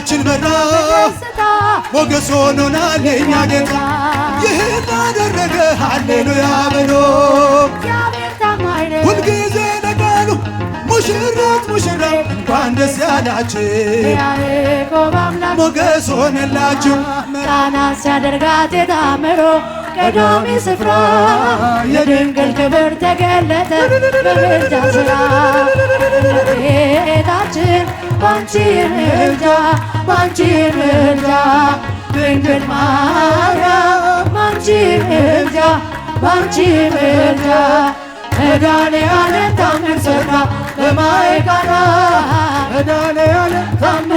ዓይናችን በራ ሞገስ ሆኖናል የእኛ ጌታ ይህን አደረገ ሃሌሉያ በሎ ሁልጊዜ ለቃሉ ሙሽራት ሙሽራ እንኳን ደስ ያላችሁ ሞገስ ሆነላችሁ ቃና ሲያደርጋት የታምሮ ቀዳሚ ስፍራ የድንግል ክብር ተገለጠ በምልጃ ስራ ቤታችን ባንቺ ምልጃ ባንቺ ምልጃ ድንግል ማርያም ባንቺ ምልጃ ባንቺ ምልጃ መድኃኔዓለም ታምር ሰራ በማይቃና መድኃኔዓለም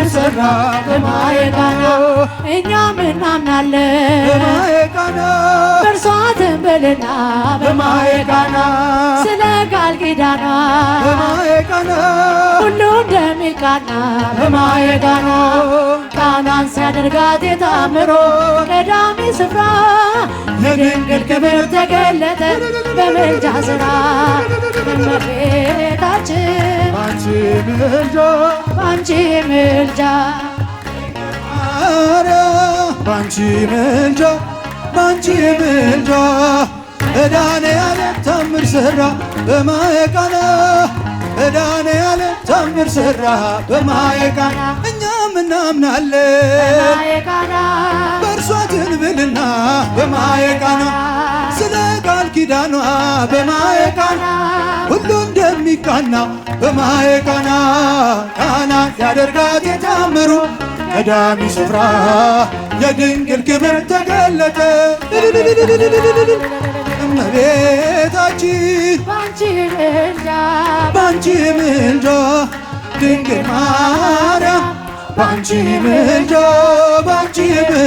ታምር ሰራ በማየ ቃና እኛ ምናምናለን በማየ ቃና ትንብልና በማየቃና ስለ ቃል ኪዳና በማየቃና ሁሉ እንደሚቃና በማየቃና ቃናን ሲያደርጋት የታምሮ ቀዳሚ ስፍራ የድንግል ክብር ተገለጠ በምልጃ ስራ እመቤታችን ባንቺ ምልጃ ባንቺ ምልጃ ባንቺ ምልጃ መድኃኔዓለም ታምር ሠራ በማየ ቃና መድኃኔዓለም ታምር ሠራ በማየ ቃና እኛም እናምናለን በእርሷ ትንብልና በማየ ቃና ስለ ቃል ኪዳኗ በማየ ቃና ሁሉ እንደሚቃና በማየ ቃና ቃና ያደርጋት የታምሩ ቀዳሚ ስፍራ የድንግል ክብር ተገለጠ። እመቤታችን ባንቺ ምልጃ ድንግል ማርያም ባንቺ ምልጃ ባንቺ ምል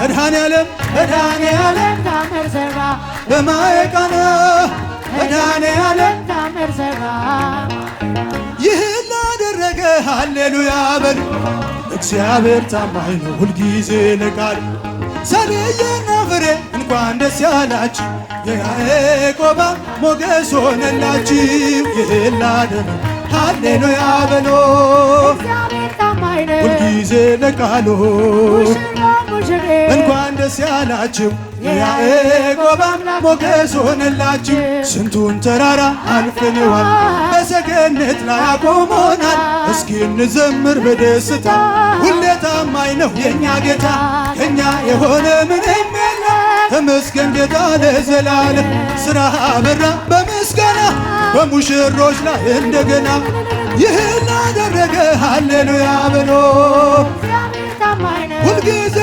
መድኃኔዓለም መድኃኔዓለም ታምር ሠራ በማየ ቃና መድኃኔዓለም ታምር ሠራ ሃሌሉያ በል እግዚአብሔር ታማኝ ነው ሁልጊዜ ለቃል ሰብየና ፍሬ እንኳን ደስ ያላችሁ የያዕቆብ ሞገስ ሆነላችሁ ይህላደነ ሃሌሉያ በሎ ሁልጊዜ ለቃሉ እንኳን ደስ ያላችሁ የያዕቆብ አምላክ ሞገስ ሆነላችሁ። ስንቱን ተራራ አልፍንዋል በሰገነት ላይ አቆሞናል። እስኪ እንዘምር በደስታ ሁሌ ታማኝ ነው የእኛ ጌታ። ከእኛ የሆነ ምንም የለ ተመስገን ጌታ ለዘላለም። ስራ አበራ በምስጋና በሙሽሮች ላይ እንደገና ይህን አደረገ ሃሌሉያ ብሎ ሁልጊዜ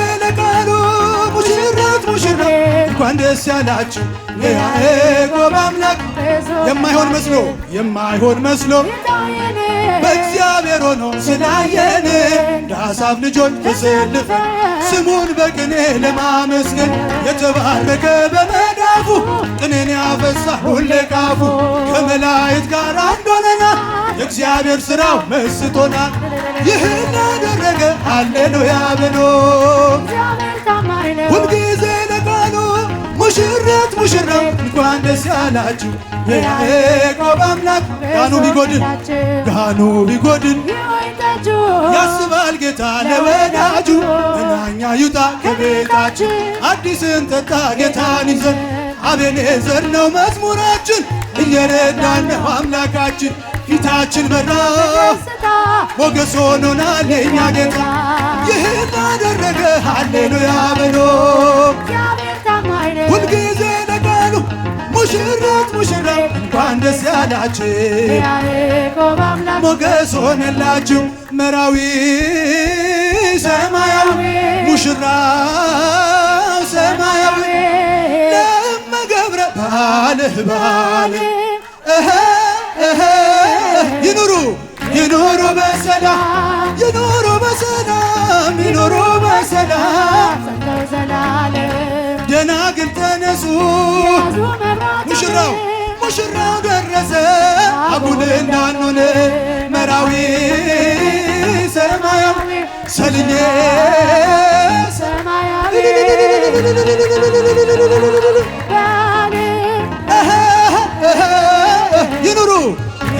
እንኳን ደስ ያላችሁ የያዕቆብ አምላክ የማይሆን መስሎ የማይሆን መስሎ በእግዚአብሔር ሆኖ ስላየን እንደ ልጆች ተሰልፈ ስሙን በቅኔ ለማመስገን የተባረከ በመዳፉ ቅኔን ያፈሳ ሁሌ ቃፉ ከመላእክት ጋር አንድ የእግዚአብሔር ሥራው መስቶናል። ይህን ያደረገ ሃሌሉያ ብሎ ሁልጊዜ ሙሽረት ሙሽራው እንኳን ደስ ያላችሁ። የያዕቆብ አምላክ ጋኑ ቢጎድን ጋኑ ቢጎድን ያስባል ጌታ ለወዳጁ መናኛ ይውጣ ከቤታችን አዲስን ጠጣ ጌታን ይዘን አቤኔዘር ነው መዝሙራችን እየረዳን ነው አምላካችን ፊታችን በራ ሞገስ ሆኖናል የእኛ ጌታ ይህን አደረገ ሃሌሉያ በሎ ሁልጊዜ ነገሩ ሙሽራት ሙሽራው እንኳን ደስ ያላችሁ ሞገስ ሆነላችሁ መራዊ ሰማያዊ ሙሽራው ሰማያዊ ለመገብረ ባልህ ባል ይኑሩ ይኑሩ በሰላም ይኑሩ በሰላም ይኑሩ በሰላም ደናግል ተነሱ ሙሽራው ሙሽራው ደረሰ አቡነ እንዳንሆነ መራዊ ሰማያዊ ሰልሜ ሰማያዊ ይኑሩ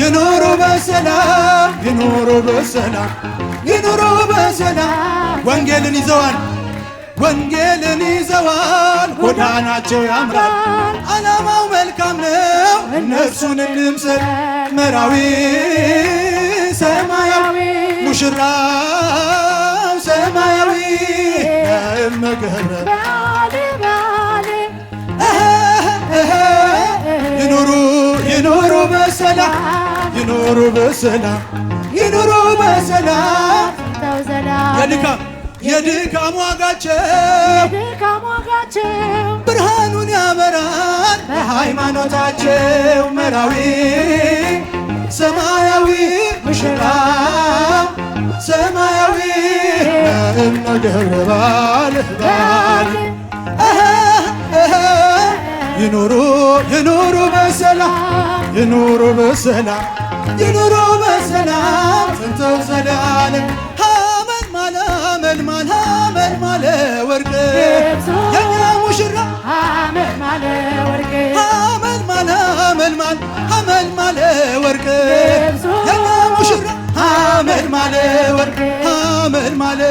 ይኑሩ በሰላም ይኑሩ በሰላም ይኑሩ በሰላም ወንጌልን ይዘዋል ወንጌልን ይዘዋል፣ ጎዳናቸው ያምራል፣ ዓላማው መልካም ነው። እነርሱን እንምሰል መራዊ ሰማያዊ ሙሽራው ሰማያዊ ይኑሩ ይኑሩ በሰላም ይኑሩ በሰላም ይኑሩ በሰላም የድካም ዋጋቸው ብርሃኑን ያበራል በሃይማኖታቸው መራዊ ሰማያዊ ሙሽራ ሰማያዊ እምነ ደብረባል ባል ይኑሩ ይኑሩ በሰላም ይኑሩ በሰላም ይኑሩ በሰላም ስንተው ዘላለም ወርቅ የኛ ሙሽራ ሐመል ማለ ወርቅ ማለ ሐመል ማለ ሐመል ማለ የኛ ሙሽራ አመል ማለ ወርቅ ሐመል ማለ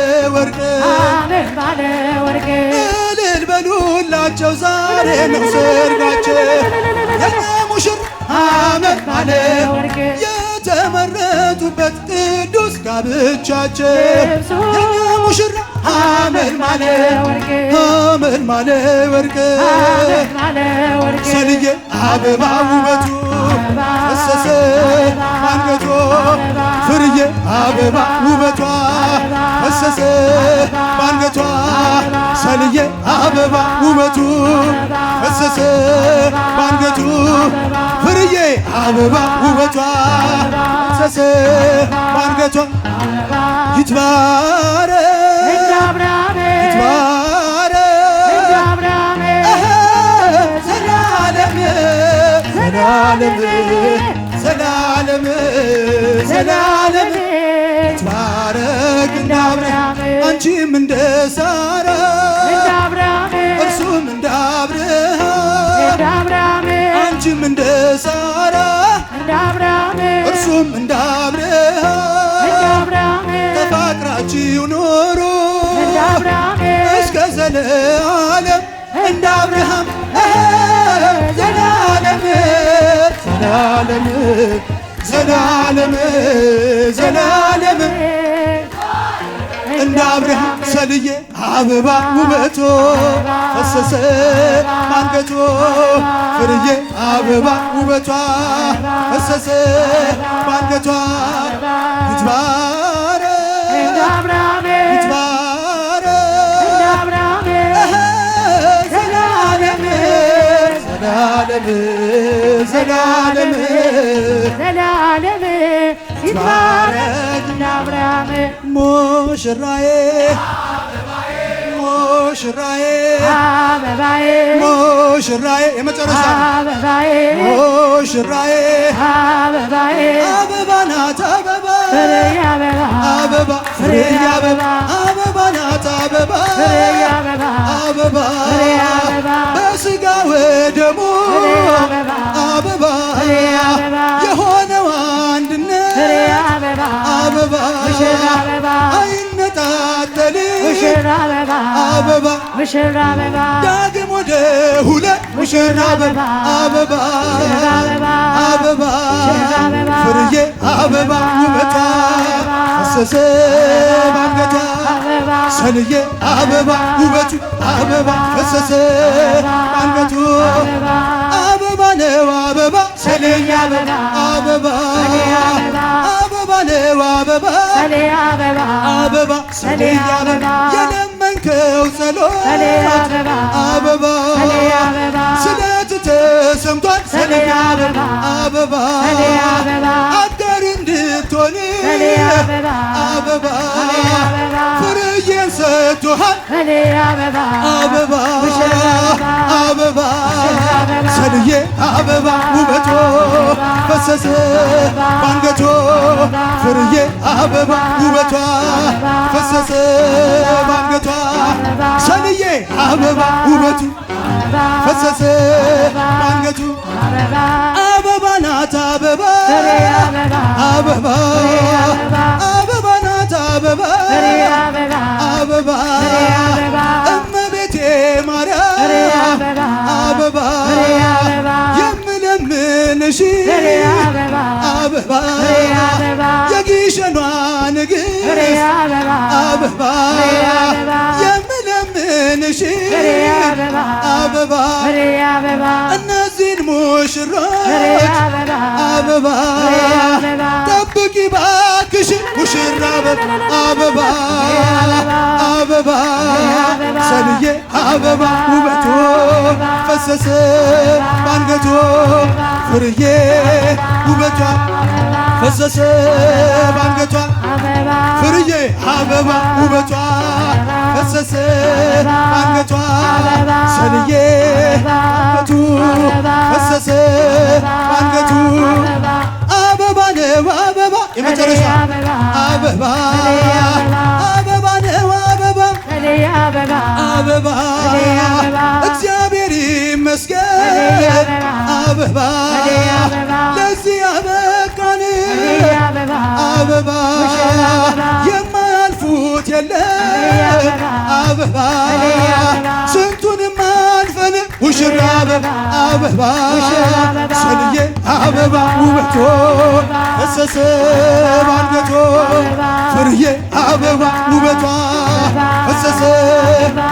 ወርቅ እልል በሉላቸው ዛሬ ነው ሰርጋቸው የኛ ሙሽራ ሐመል ማለ የተመረጡበት ቅዱስ ጋብቻቸው የኛ ሙሽራ አመን ማለ ወርቅ አመን ማለ ወርቅ ሰልዬ አበባ ውበቱ እሰሰ አንገቷ ፍርዬ አበባ ውበቷ እሰሰ አንገቷ ሰልዬ አበባ ውበቱ እሰሰ አንገቱ ፍርዬ አበባ ውበቷ እሰሰ አንገቷ ይትባረ ዘላለም ዘላለም ትባረክ እንደ አብርሃም አንቺም እንደ ሳራ እርሱም እንደ አብርሃም አንቺም እንደ ሳራ እርሱም እንደ አብርሃም አብርሃም ዘላለም ዘላለም ዘላለም ዘላለም እንደ አብርሃም ሰልዬ አበባ ውበቶ ፈሰሰ ማንገቶ ፍርዬ አበባ ውበቷ ፈሰሰ ዘላለም ዘላለም ዘላለም ይትባረክ ለአብርሃም ሙሽራዬ ሙሽራዬ አበባዬ ሙሽራዬ የመጨረሻ አበባዬ ሙሽራዬ አበባዬ አበባ ናት አበባ አበባ ፍሬ አበባ አበባ ናት አበባ አበባ በስጋ ወደሙ አበባ የሆነው አንድነት አበባ ተከታተል አበባ ዳግም ወደ ሁለት ሙሽራ አበባ አበባ አበባ ፍርዬ አበባ ውበታ አሰሰ ባንገታ ሰንዬ አበባ ውበቱ አበባ ፈሰሰ ባንገቱ አበባ ነው አበባ ሰንዬ አበባ አበባ ያለው አበባ አበባ ስለ ያለ የለመንከው ጸሎት አበባ ስለት ተሰምቷል ስለ አበባ አጋሪ እንድትሆን አበባ ፍርዬን ሰጥቶሃል አበባ አበባ ሰልዬ አበባ ውበቶ ፈሰሰ ባንገቷ ፍርዬ አበባ ውበቷ ፈሰሰ ባንገቷ ሰንዬ አበባ ውበቱ ፈሰሰ ባንገቱ አበባ ናት አበባ አበባ አበባ ናት አበባ አበባ እመቤቴ ማርያም አበባ ስምንሽ አበባ የግሸኗ ንግሥት አበባ የምለምንሽ አበባ እነዚህን ሙሽሮች አበባ ጠብቂ ባክሽ ሙሽራ አበባ አበባ ሰንዬ አበባ ውበቶ ፈሰሰ ባንገቶ ፍርዬ ውበቷ ፈሰሰ ባንገቷ ፍርዬ አበባ ውበቷ ፈሰሰ ባንገቷ ሰንዬ ውበቱ ፈሰሰ ባንገቱ አበባ ነው አበባ የመጨረሻ አበባ አበባ ነው አበባ አበባ እግዚአብሔር ይመስገን አበባ ለዚህ አበቃን አበባ የማያልፉት የለም አበባ ስንቱንም ሙሽራ አበባ ሰልዬ አበባ ውበቶ ፈሰሰ ባልበቶ ፍርዬ አበባ ውበቷ ፈሰሰ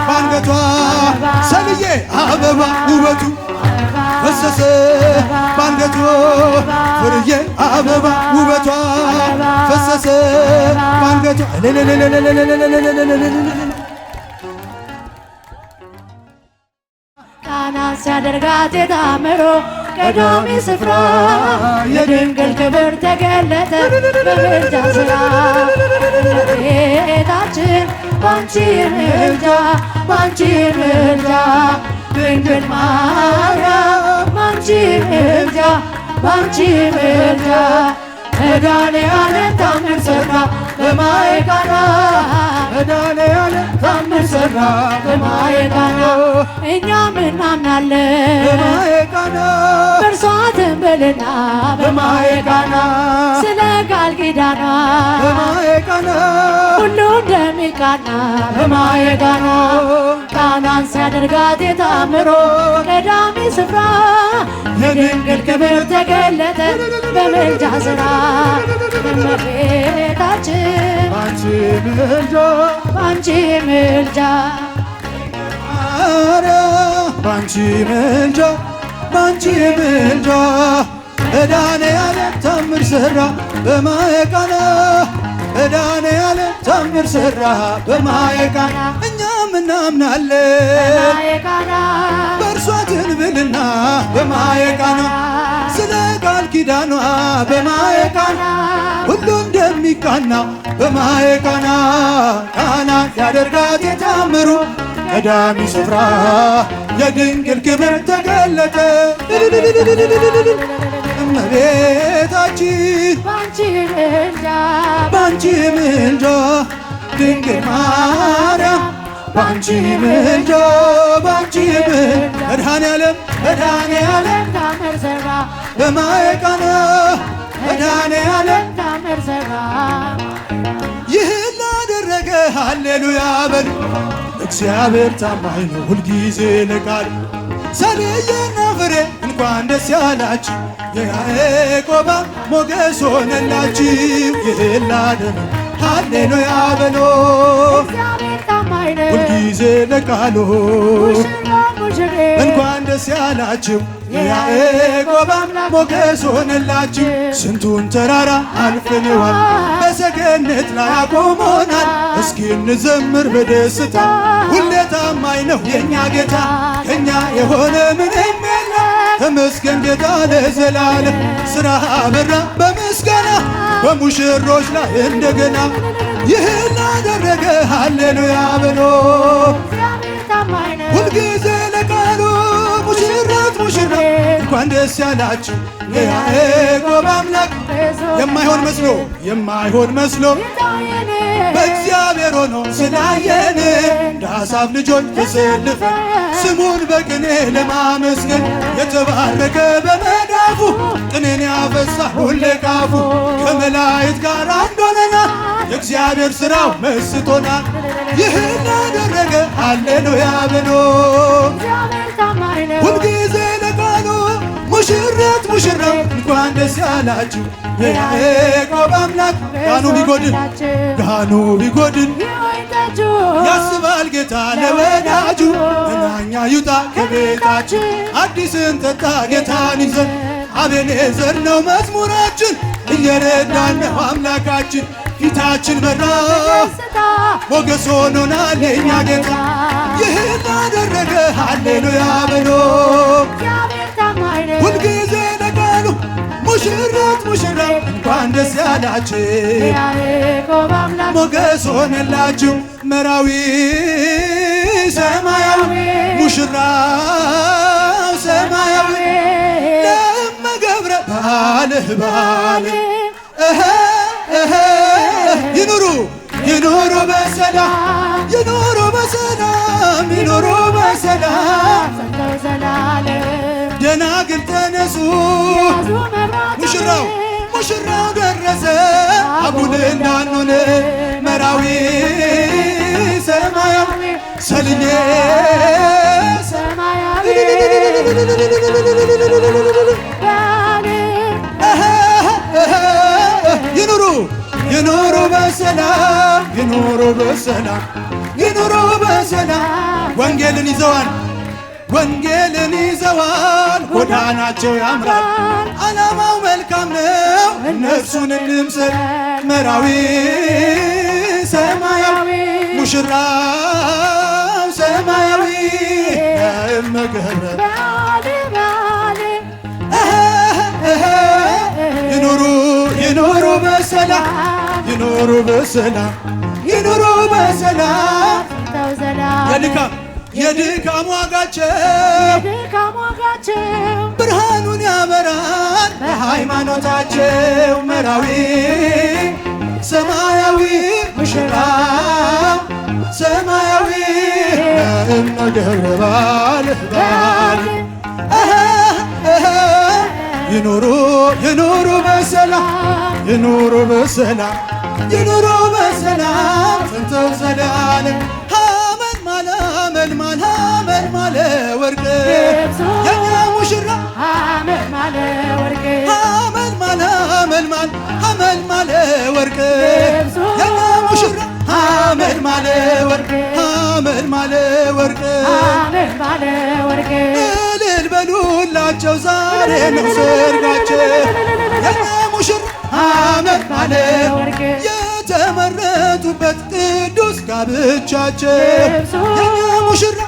ባልበቷ ሰንዬ አበባ ውበቱ ፈሰሰ ባንገቶ ፍርዬ አበባ ውበቷ ፈሰሰ ባንገቷ ሲያደርጋት የታምሮ ቀዳሚ ስፍራ የድንግል ክብር ተገለጠ በምልጃ ስራ እመቤታችን ባንቺ ምልጃ ባንቺ ምልጃ ድንግል ማርያም ባንቺ ምልጃ ባንቺ ምልጃ መድኃኔዓለም ታምር ሰራ በማየ ቃና መድኃኔዓለም ታምር ሰራ በማየ ቃና እኛም እናምናለን በማየ ቃና በእርሷ ትንበልና በማየ ቃና ስለ ቃል ኪዳኗ በማየ ቃና ሁሉ እንደሚቃና በማየ ቃና ቃናን ሲያደርጋት የታምሮ ቀዳሚ ስፍራ የድንግል ክብር ተገለጠ በምልጃ ስራ በአንቺ በአንቺ ምልጃ በአንቺ ምልጃ በአንቺ ምልጃ በአንቺ ምልጃ ታምር ሠራ በማየ ቃና መድኃኔዓለም ታምር ሠራ በማየ እኛም እናምናለን በእርሷ ትንብልና በማየ ስለ ቃል ኪዳኗ በማየ ቃና በኒቃና በማየ ቃና ቃና ያደርጋት የታምሩ ቀዳሚ ስፍራ የድንግል ክብር ተገለጠ። እመቤታችን ባንቺ ምልጃ ድንግል ማርያም ባንቺ ምልጃ ባንቺ ምል መድኃኔዓለም መድኃኔዓለም በማየ ቃና መድኃኔዓለም ሲሰራ ይህን አደረገ። ሃሌሉያ በሉ። እግዚአብሔር ታማኝ ነው ሁልጊዜ ለቃል ፍሬ እንኳን ደስ ያላችሁ የያዕቆብ ሞገስ ሆነላችሁ። ይህን ላደረ ሃሌሉያ ሁልጊዜ ለቃሉ እንኳን ደስ ያላችሁ የያዕቆብ አምላክ ሞገስ ሆነላችሁ። ስንቱን ተራራ አልፈነዋል፣ በሰገነት ላይ አቆሞናል። እስኪ እንዘምር በደስታ ሁሌ ታማኝ ነው የእኛ ጌታ፣ ከእኛ የሆነ ምንም የለ። ተመስገን ጌታ ለዘላለም ሥራ አበራ በምስጋና በሙሽሮች ላይ እንደገና ይህን አደረገ ሃሌሉያ በሎ ሁልጊዜ ለቃሉ ሙሽራት ሙሽራ እንኳን ደስ ያላችሁ ለያዕቆብ አምላክ የማይሆን መስሎ የማይሆን መስሎ በእግዚአብሔር ሆኖ ስላየን እንደ አሳፍ ልጆች ተሰልፈን ስሙን በቅኔ ለማመስገን የተባረከ በመዳፉ ቅኔን ያፈሳ ሁሌ ካፉ ከመላእክት ጋር ወዶነናል፣ የእግዚአብሔር ሥራው መስቶናል ይህን ያደረገ ሃሌሉያ ብሎ ሁልጊዜ ለቃሉ ሙሽረት ሙሽራው እንኳን ደስ ያላችሁ። የያዕቆብ አምላክ ጋኑ ቢጎድል ጋኑ ቢጎድል ያስባል ጌታ ለወዳጁ መናኛ ይውጣ ከቤታችን አዲስን ጠጣ ጌታን ይዘን አቤኔዘር ነው መዝሙራችን እየረዳን ነው አምላካችን ፊታችን በራ ሞገስ ሆኖናል የእኛ ጌታ ይህን አደረገ ሃሌሉያ በሎ ሁልጊዜ ነገሩ ሙሽራት ሙሽራ እንኳን ደስ ያላችሁ ሞገስ ሆነላችሁ መራዊ ሰማያዊ ሙሽራው ሰማያዊ ባልህ ባልህ ይኑሩ ይኑሩ በሰላም ይኑሩ በሰላም ይኑሩ በሰላም ደናግል ተነሱ ሙሽራው ሙሽራው ደረሰ አቡነ እንዳኑን መራዊ ሰማያዊ ሰልዬ ሰማያዊ ይኑሩ በሰላም ይኑሩ በሰላም ይኑሩ በሰላም ወንጌልን ይዘዋል ወንጌልን ይዘዋል ጎዳናቸው ያምራል ዓላማው መልካም ነው እነርሱን እንምሰል መራዊ ሰማያዊ ሙሽራው ሰማያዊ እመገብረ ይኑሩ ይኑሩ በሰላም ይኑሩ በሰላም ይኑሩ በሰላም የድካም የድካም ዋጋቸው ብርሃኑን ያበራል በሃይማኖታቸው መራዊ ሰማያዊ ሙሽራ ሰማያዊ እምነ ደብረባል ባል ይኑሩ ይኑሩ በሰላም ይኑሩ በሰላም ይኑሩ በሰላም ጽንቶ ዘላለም ሀመን ማለ ሀመን ማለ ሀመን ማለ ወርቅ የኛ ሙሽራ ሀመን ማለ ወርቅ ሀመን ማለ ሀመን ማለ ሀመን ማለ ወርቅ የኛ ሙሽራ ሀመን ማለ ወርቅ ሀመን ማለ ወርቅ ሀመን ማለ ወርቅ እልል በሉላቸው ዛሬ ነው ሰርጋቸው አመት ማለት የተመረጡበት ቅዱስ ጋብቻቸው የእኛ ሙሽራ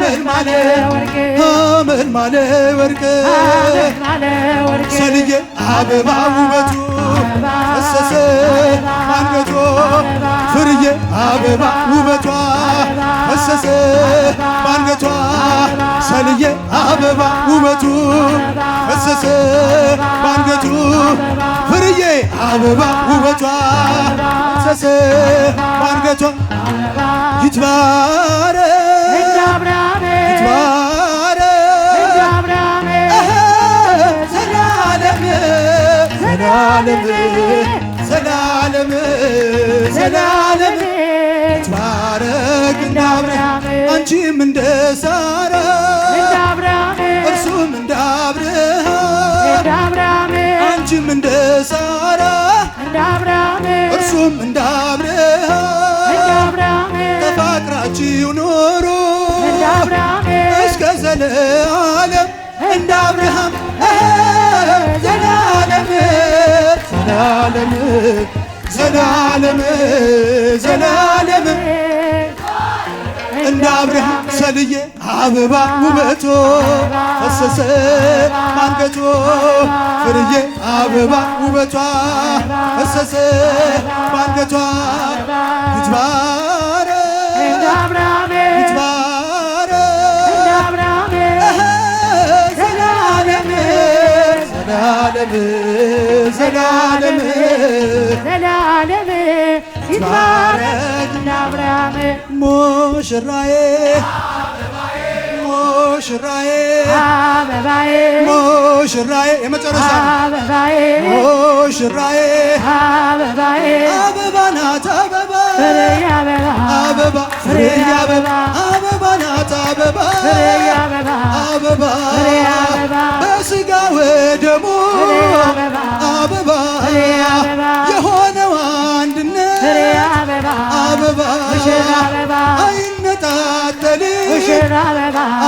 ማለ ማለት አመት ማለት ወርቅ ሰልየ አበባ ውበቱ ፈሰሰ አንገቷ ፍርየ አበባ ውበቷ ፈሰሰ አንገቷ ቃልዬ አበባ ውበቱ ፈሰሰ ባንገቱ ፍርዬ አበባ ውበቷ ፈሰሰ ባንገቷ ይትባረ ይትባረ ዘላለም ዘላለም ዘላለም ዘላለም ትባረክ እንደ አብርሃም አንቺም እንደ ሳራ እርሱም እንደ አንቺም እንደ ሳራ እርሱም እንደ ተፋቅራችሁ ኑሩ እስከ ዘላለም እንደ ዘላለም ዘላለም ዘላለም ዘላለም እንደ አብርሃም ሰልዬ አበባ ውበቶ ፈሰሰ አንገቶ ፍርዬ አበባ ውበቷ ፈሰሰ አንገቷ ይትባረ ዘላለም ዘላለም ዘላለም ይትባረክ ለአብርሃም ሙሽራዬ ሙሽራዬ አበባዬ ሙሽራዬ የመጨረሻ አበባዬ ሙሽራዬ አበባዬ አበባ ናት አበባ አበባ ፍሬ አበባ አበባ ናት አበባ አበባ በስጋ ወደሙ አበባ የሆነው አንድነት አበባ አይነጣጠል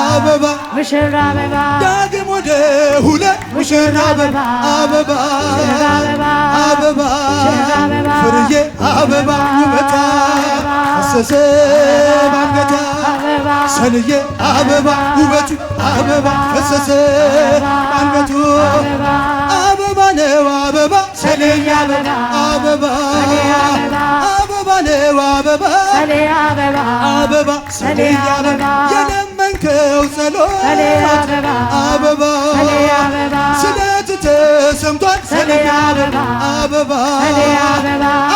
አበባ ዳግም ወደ ሁለት አበባ አበባ ፍርዬ አበባ ውበታ አሰሰ ባንገታ ሰንዬ አበባ ውበቱ አበባ ፈሰሰ ባንገቱ አበባ ነው አበባ ሰኔዬ አበባ አበባ ነው አበባ አበባ ሰኔዬ አበባ በላከው ጸሎት አበባ ስለት ተሰምቷል ሰለሌ አበባ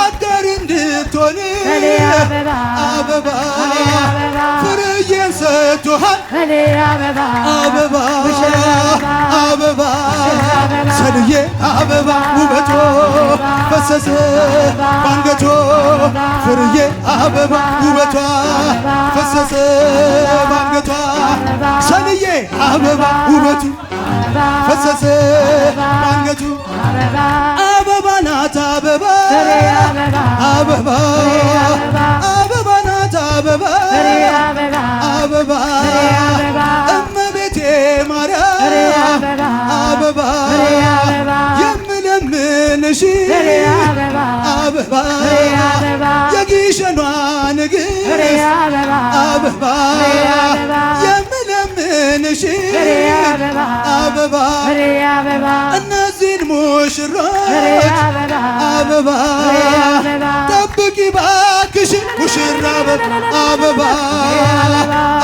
አጋሪ እንድትሆን አበባ ፍርዬ ሰጥቶሃል አበባ አበባ ሰልዬ አበባ ውበቷ ፈሰሰ ባንገቷ ፍርዬ አበባ ውበቷ ፈሰሰ ባንገቷ ሰንዬ አበባ ውበቱ ፈሰሰ ባንገቱ አበባ ናት አበባ አበባ አበባ ናት አበባ አበባ እመቤቴ ማርያም አበባ ምንሽ አበባ የግሸኗ ንግሥት አበባ የምለምንሽ አበባ እነዚህን ሙሽሮች አበባ ጠብቂ ባ ግሽ ሙሽራ አበባ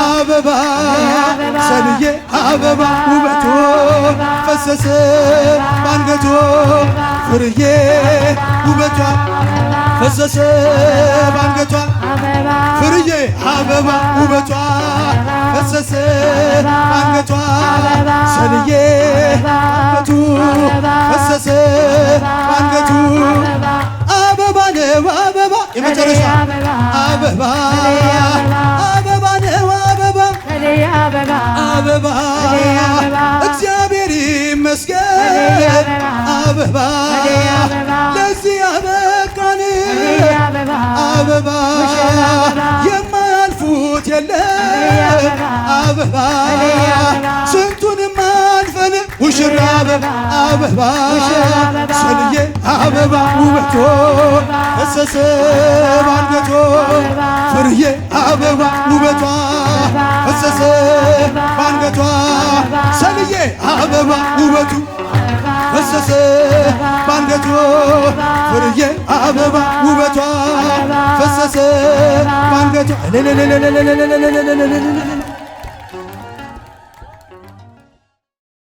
አበባ ሰንዬ አበባ ውበቶ ፈሰሰ ባንገቶ ፍርዬ ውበቷ ፈሰሰ ባንገቷ ፍርዬ አበባ ውበቷ ፈሰሰ ባንገቷ ሰንዬ ውበቱ ፈሰሰ ባንገቱ ያገባ አበባ የመጨረሻ አበባ አበባ ነው አበባ አበባ እግዚአብሔር ይመስገን አበባ ለዚህ ያበቃን አበባ የማያልፉት የለም አበባ አበባ ሰልዬ አበባ ውበቶ ፈሰሰ ባንገቶ ፍርዬ አበባ ውበቷ ፈሰሰ ባንገቷ ሰልዬ አበባ ውበቱ ፈሰሰ ባንገቶ ፍርዬ አበባ ውበቷ ፈሰሰ ባንገቷ